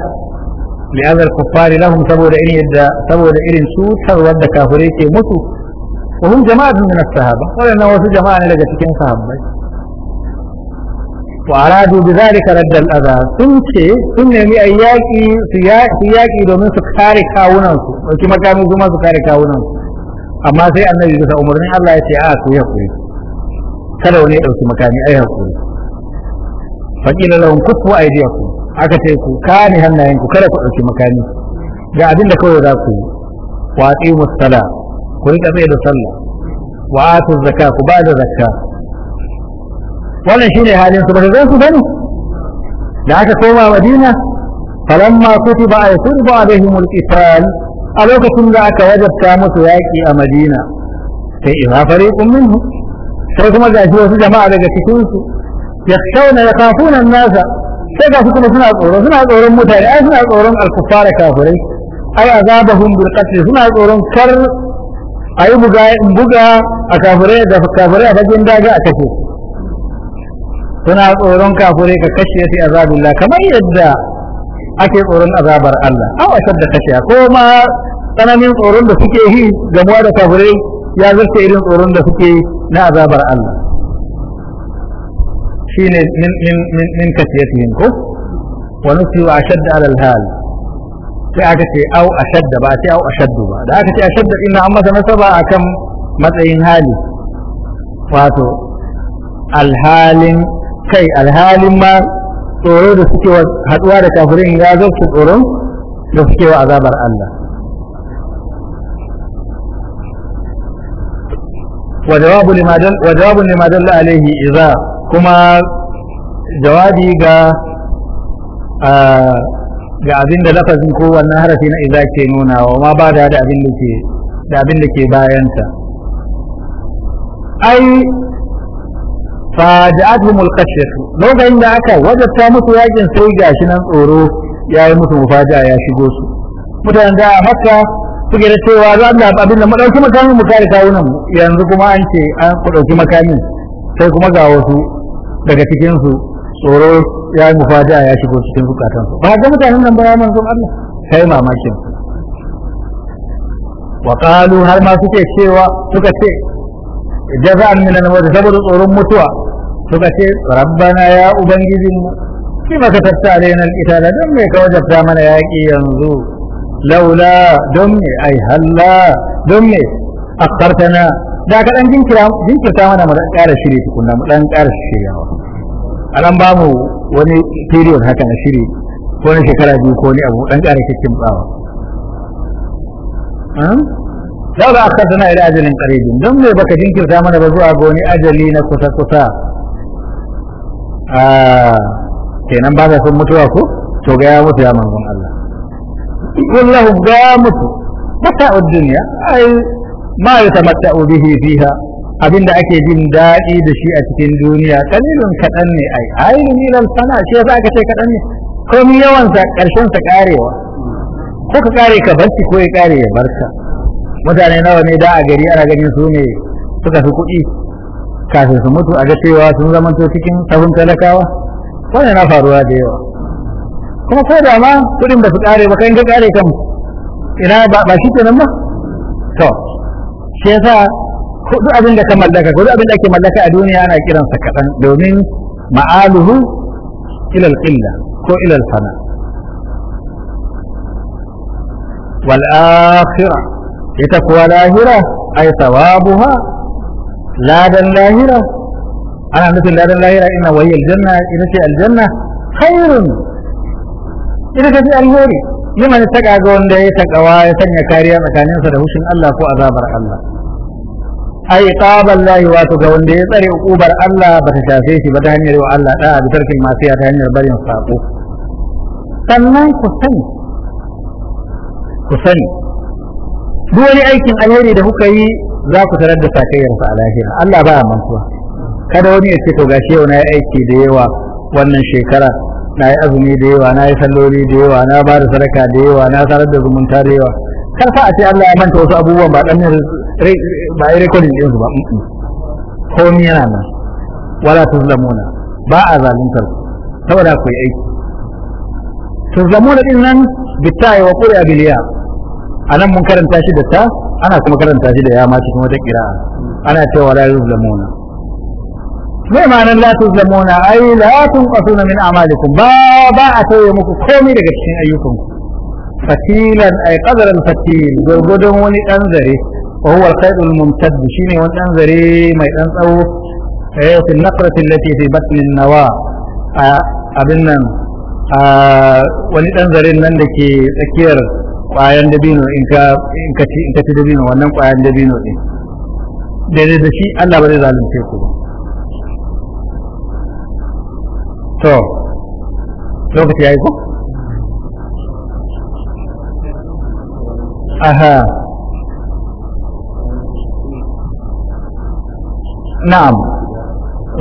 li'azar kuffari lahum saboda irin yadda saboda irin cutarwar da kafurai ke musu wa hum jama'atun min as-sahaba wadannan wasu jama'a ne daga cikin sahabbai وأرادوا بذلك رد الأذى سنشي سن يمي أياكي سياكي دومين سكاري كاونانسو وكي مكامي زمان سكاري كاونانسو أما سي النبي بس أمرني الله يتعاك ويحكري كدو نيئوكي مكامي أي حكري فقيل لهم كفوا أيديكم أكتيكو كاني هنائنكو كدو أوكي مكامي ga abin da kawai za ku yi wa aqimu sala ku rika tsaye da sallah wa atu zakka ku ba da zakka wannan shine halin su bata zan su bane da aka koma madina falamma kutiba ay kurba alaihim alqital a lokacin da aka wajabta musu yaki a madina sai ina fariqun minhu sai kuma gashi wasu jama'a daga cikin su yakhshawna yakhafuna an-nasa sai ga su kuma suna tsoro suna tsoron mutane ai suna tsoron al-kuffar kafirai ai azabahum bil qatl suna tsoron kar Ai buga buga a kafirai da kafirai a fagen daga a kace suna tsoron kafure ka kashe fi azabillah kamar yadda ake tsoron azabar Allah aw ashadda kashiya ko ma tsananin tsoron da suke yi gamuwa da kafure ya zarta irin tsoron da suke na azabar Allah shine min min min min kashiyatihim ko wa nusi wa ashadda ala al sai aka ce au ashadda ba sai au ashaddu ba da aka ce ashadda inna an masa nasaba akan matsayin hali wato alhalin kai alhalin ma tsoro da suke haduwa da kafirin ya su tsoro da suke wa azabar Allah wa لما ne وجواب alaihi iza kuma jawabi ga ga abin da lafazin ko wannan harafi na iza ke nuna wa ma ba da abin da ke da abin da ke bayanta ai faja'atuhum al-khashyah lokacin da aka wajabta musu yakin sai gashi nan tsoro ya yi musu mufaja ya shigo su mutanen da a makka suke da cewa za Allah abin da mu dauki makamin mu kare kawunan yanzu kuma an ce an ku dauki makamin sai kuma ga wasu daga cikin su tsoro ya yi mufaja ya shigo cikin zukatan su ba ga mutanen nan ba ya manzon Allah kai mamakin wa qalu har ma suke cewa suka ce jaza'an min al-maut saboda tsoron mutuwa suka ce rabbana ya ubangijin mu shi maka tatta alaina alqitala don me ka wajabta mana yaƙi yanzu laula don me ai halla don me akkartana da ka dan jinkirta mana mu dan ƙara shiri tukunna mu dan ƙara shiryawa a dan ba mu wani period haka na shiri ko na shekara biyu ko ni abu dan ƙara Da ba bawa laula akkartana ila ajalin qaribin don me baka jinkirta mana ba zuwa goni ajali na kusa kusa Ah, kenan ba ka son mutuwa ko to ga ya mutu ya manzon Allah wallahu ga ya mutu mata'ud A ai ma yatamatta'u bihi fiha abinda ake jin daɗi da shi a cikin duniya kalilun kaɗan ne ai ni nan sana shi yasa aka ce kaɗan ne komi yawansa sa ƙarewa ko ka ƙare ka barci ko ya ƙare ya barka mutane nawa ne da a gari ana ganin su ne suka fi kuɗi kafin su mutu a ga cewa sun zamanto cikin sabon talakawa wannan na faruwa da yawa kuma ko da ma kudin ba su kare ba kai ga kare kan ina ba ba shi kenan ba to shi yasa duk abin da ka mallaka duk abin da ake mallaka a duniya ana kiransa kaɗan domin ma'aluhu ila al-qilla ko ila al-fana wal akhirah ita kuwa lahira ay thawabuha ladan lahira ana nufin ladan lahira ina wayi aljanna ina ce aljanna khairun ina ce alheri liman taqa ga wanda ya takawa ya sanya kariya tsakaninsa da hushin Allah ko azabar Allah ai qaban lahi wato ga wanda ya tsare ukubar Allah ba ta shafe shi ba ta hanyar wa Allah da bi tarkin masiya ta hanyar barin sako sannan ku sani ku sani duk wani aikin alheri da kuka yi za ku tarar da sakayyarsa a lahira Allah ba mantuwa kada wani ya ce to gashi yau na yi aiki da yawa wannan shekara na yi azumi da yawa na yi salloli da yawa na ba da sadaka da yawa na sarar da zumunta da yawa kar fa a ce Allah ya manta wasu abubuwan ba ɗan ba yi rekodin ɗinsu ba komi yana nan wala tuzlamuna ba a zaluntar saboda ku yi aiki tuzlamuna din nan bitta wa a biliya anan mun karanta shi da ta ana kuma karanta shi da ya ma cikin wata kira'a ana cewa la yuzlamuna mai ma'anar la tuzlamuna ai la tunqasuna min a'malikum ba ba a tauye muku komai daga cikin ayyukanku fatilan ay qadaran fatil gurgudun wani dan zare wa huwa al-qaidul mumtad shine wani dan zare mai dan tsawo eh fi naqrat allati fi batn an-nawa abin nan wani dan zaren nan da ke tsakiyar kwayan dabino in ka ci dabino wannan kwayan dabino din daidai da shi Allah ba zai zalunce ku ba to lokaci ya yi ko aha na'am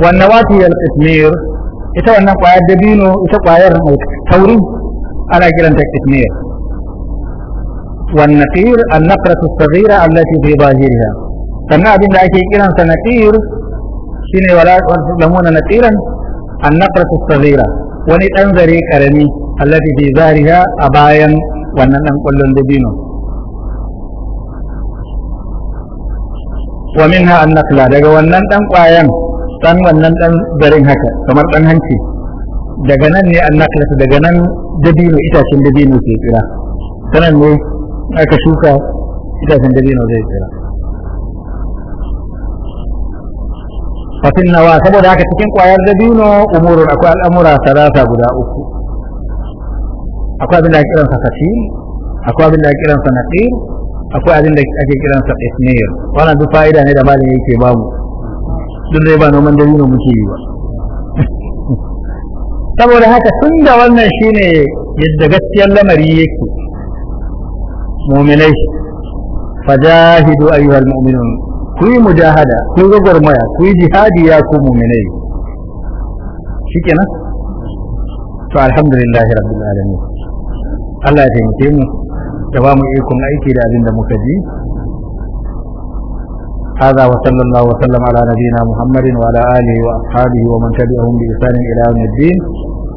wannan wati al-qitmir ita wannan kwayar dabino ita kwayar mai tauri ana kiranta qitmir والنقير النقرة الصغيرة التي في ظاهرها فما بين لأكي كيران سنقير شيني ولا يسلمون نقيرا النقرة الصغيرة ونتنظري كرمي التي في ظاهرها أبايا وننم كل دبينه ومنها النقلة an nakla daga wannan dan kwayan dan wannan dan garin haka kamar dan hanci daga nan ne an nakla daga nan aka shuka itacen dabino zai tsira fatin nawa saboda haka cikin kwayar dabino umurun akwai al'amura salasa guda uku akwai abin da ake kiransa fatin akwai abin da ake kiransa naqir akwai abin da ake kiransa ismir wannan duk fa'ida ne da malami yake bamu duk dai ba noman dabino muke yi ba saboda haka tun da wannan shine yadda gaskiyar lamari yake muminai fajahidu ayyuhal mu'minun ku yi mujahada ku yi gwagwarmaya ku yi jihadi ya ku muminai shikenan to alhamdulillahi rabbil alamin Allah ya taimake mu da ba mu ikon aiki da abin da muka ji هذا وصلى الله وسلم على نبينا محمد وعلى آله وأصحابه ومن تبعهم بإحسان إلى يوم الدين